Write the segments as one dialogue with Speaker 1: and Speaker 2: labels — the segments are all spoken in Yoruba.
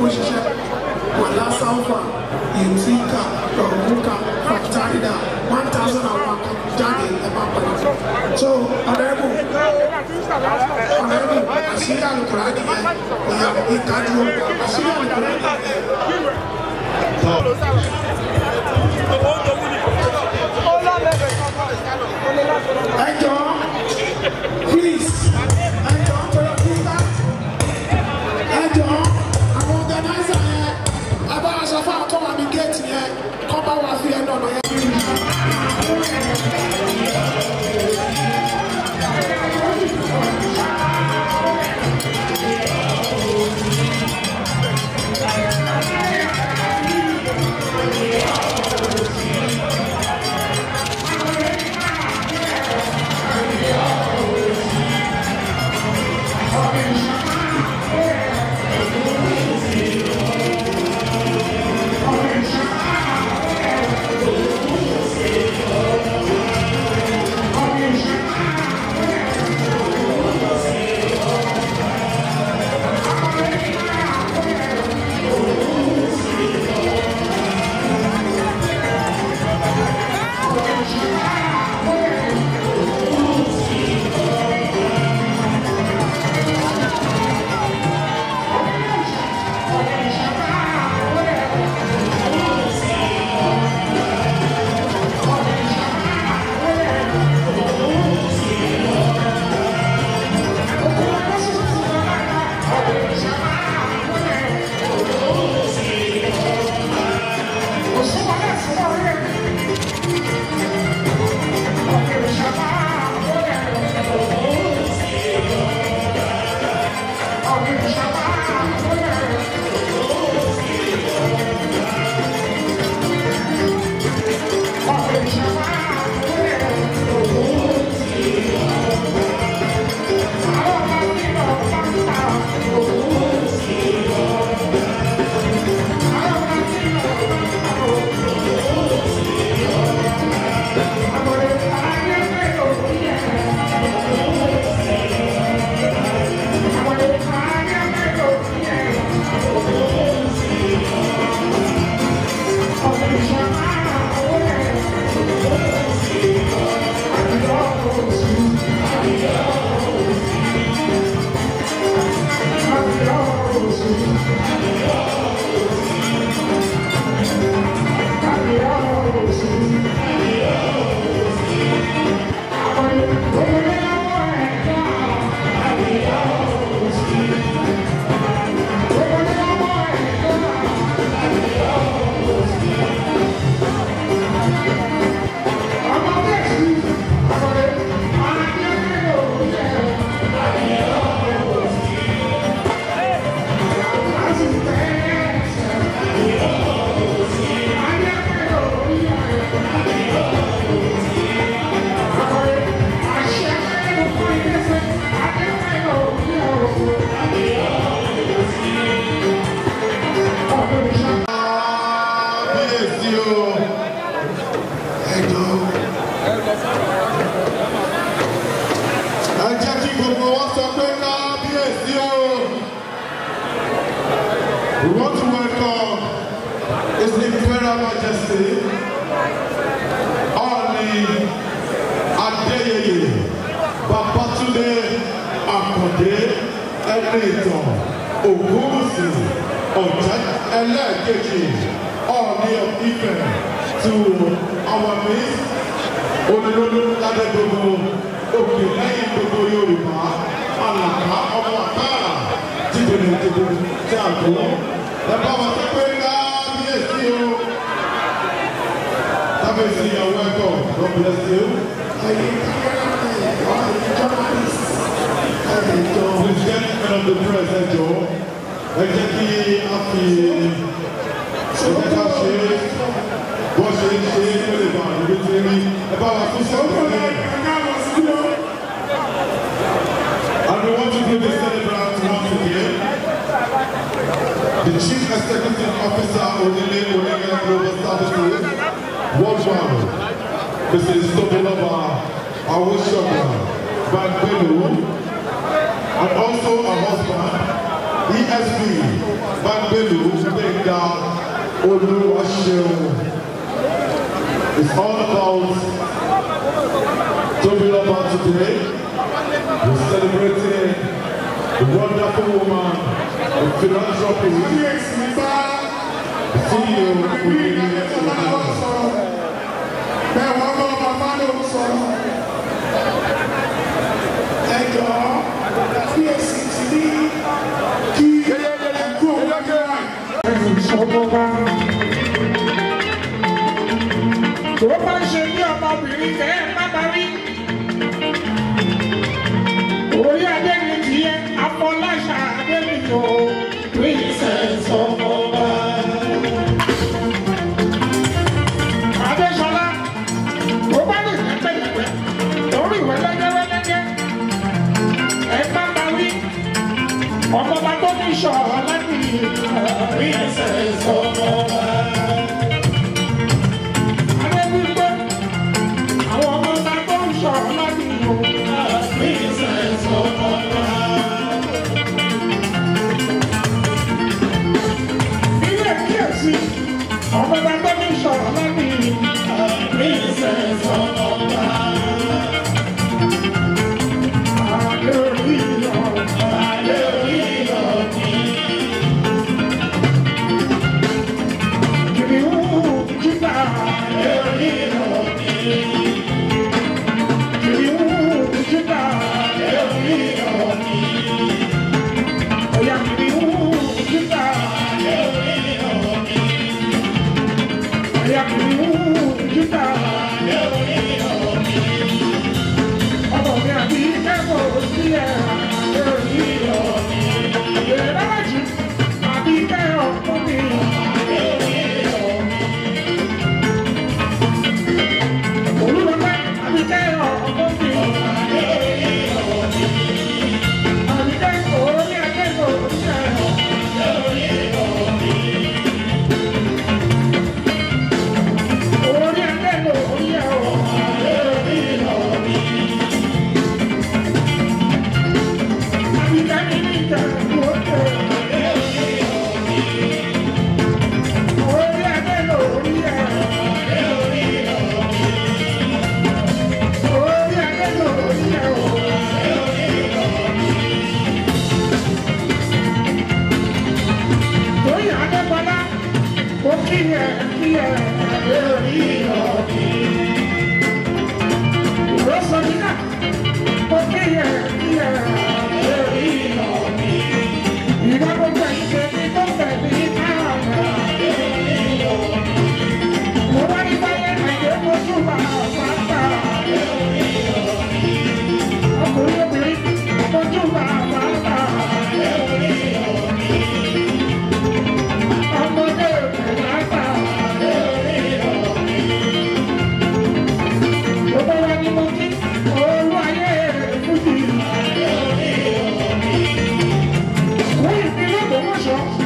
Speaker 1: ó ṣiṣẹ́ wàlá sáfà ìtìkà ọ̀gùnkà fàtàlídà one thousand and one jáde ẹ̀bá pẹ̀lú. so ọ̀rẹ́bù ọ̀rẹ́bù àṣírí àlùkùrá nìyẹn ìyá ìkájú àṣírí àlùkùrá nìyẹn. ẹ jọ̀ọ́. sọ fún àwọn the wà ní Come yẹn kọ́ bá wà fi ẹnu ọ̀nà We want to welcome His Imperial Majesty Ọ̀ọ̀ni Adéyẹyè Babátúndé Àkàndé ẹni ìtàn Ògúnwùsì Ọ̀jẹ́ ẹlẹ́ẹ̀kejì Ọ̀ọ̀ni of Ifẹ̀ to our midst olùdókòwò ládẹ́gbogbo òkè lẹ́yìn gbogbo Yorùbá àlàkà ọmọ àkàrà jìbìlìjìbì tí a kò ẹ bá wa sọ pé kábíyèsí o kábíyèsí ìyàwó ẹ̀kọ́ lọ́bìlẹ̀sí o. President of the press ẹ jọ ẹ jẹ́ kí a fi
Speaker 2: ẹ̀jẹ̀ ká ṣe é ṣe
Speaker 1: ṣe é ló lè tí ń rí ẹ bá wa tún sọ̀rọ̀ lẹ́yìn. will be celebrated once again. The Chief Executive Officer Onile Onega Global Services Worldwide, Mrs. Sobolova and also her husband, ESP Banbelu Benga Oluwaseun. It's all about Tobiloba today. We're celebrating wonderful woman, a philanthropist,
Speaker 2: CEO of Millionaires Ọmọ ṣe ní ọmọbìnrin kẹ́ẹ̀. Meu Deus. Yeah.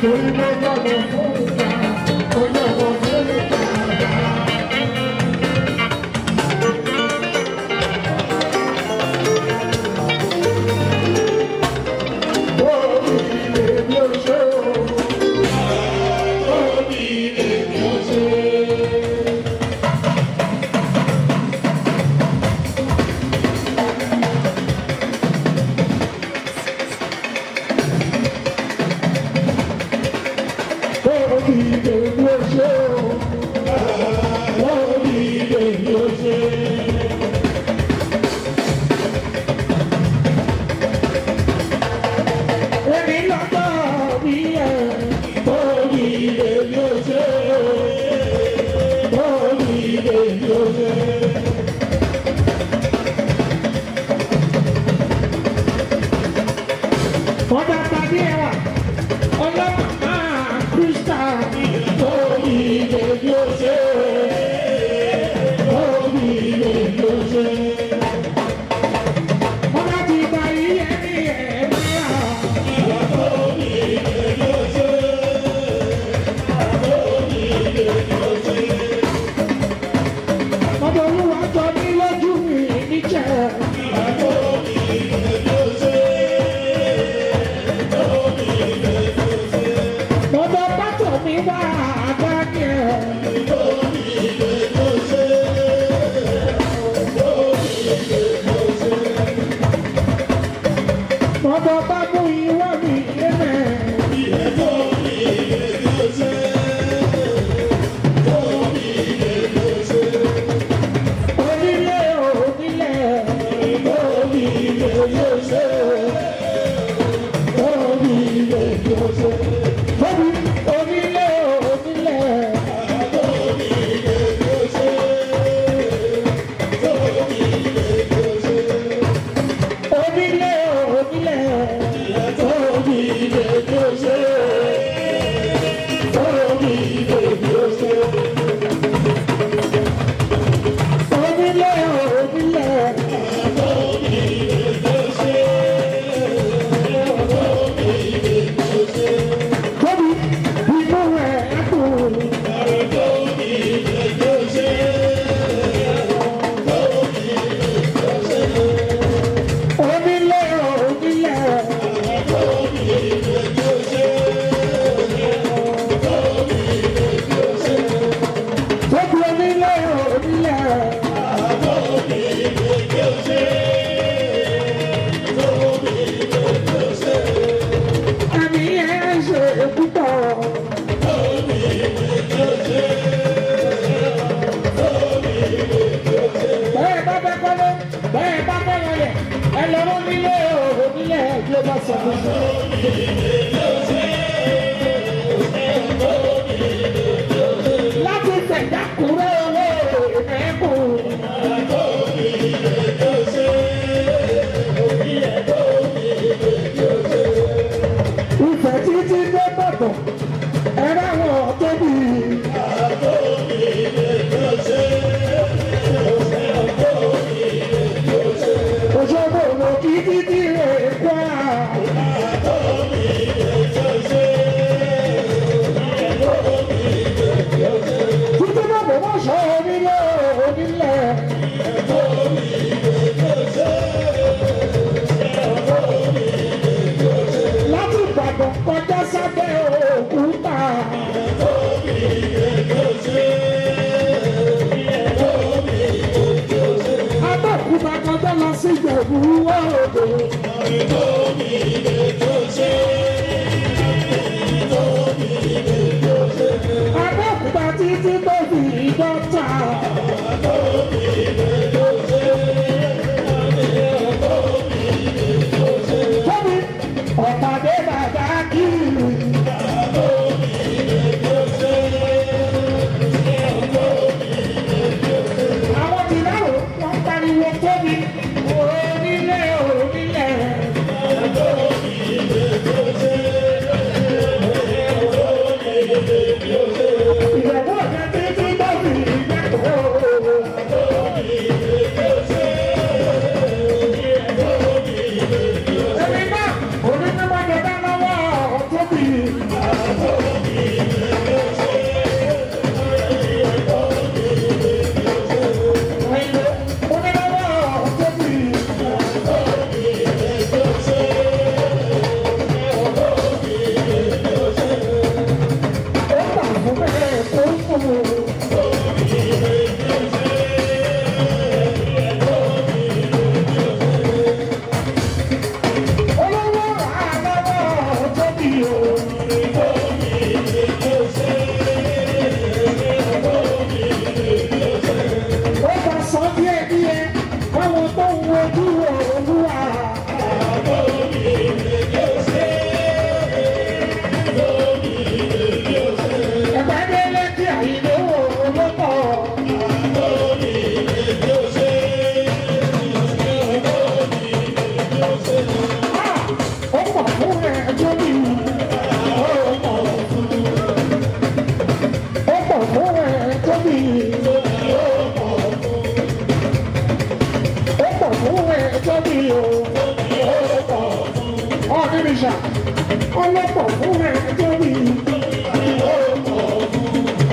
Speaker 2: 推开那道门。I'll be the worship. Omile, omile, gleba sa mouche. I'm going tó go lè tó ṣe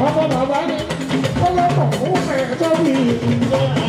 Speaker 2: ọmọ bàbá ní ọlọ́pàá fún ẹ̀ẹ́dọ́gbìn.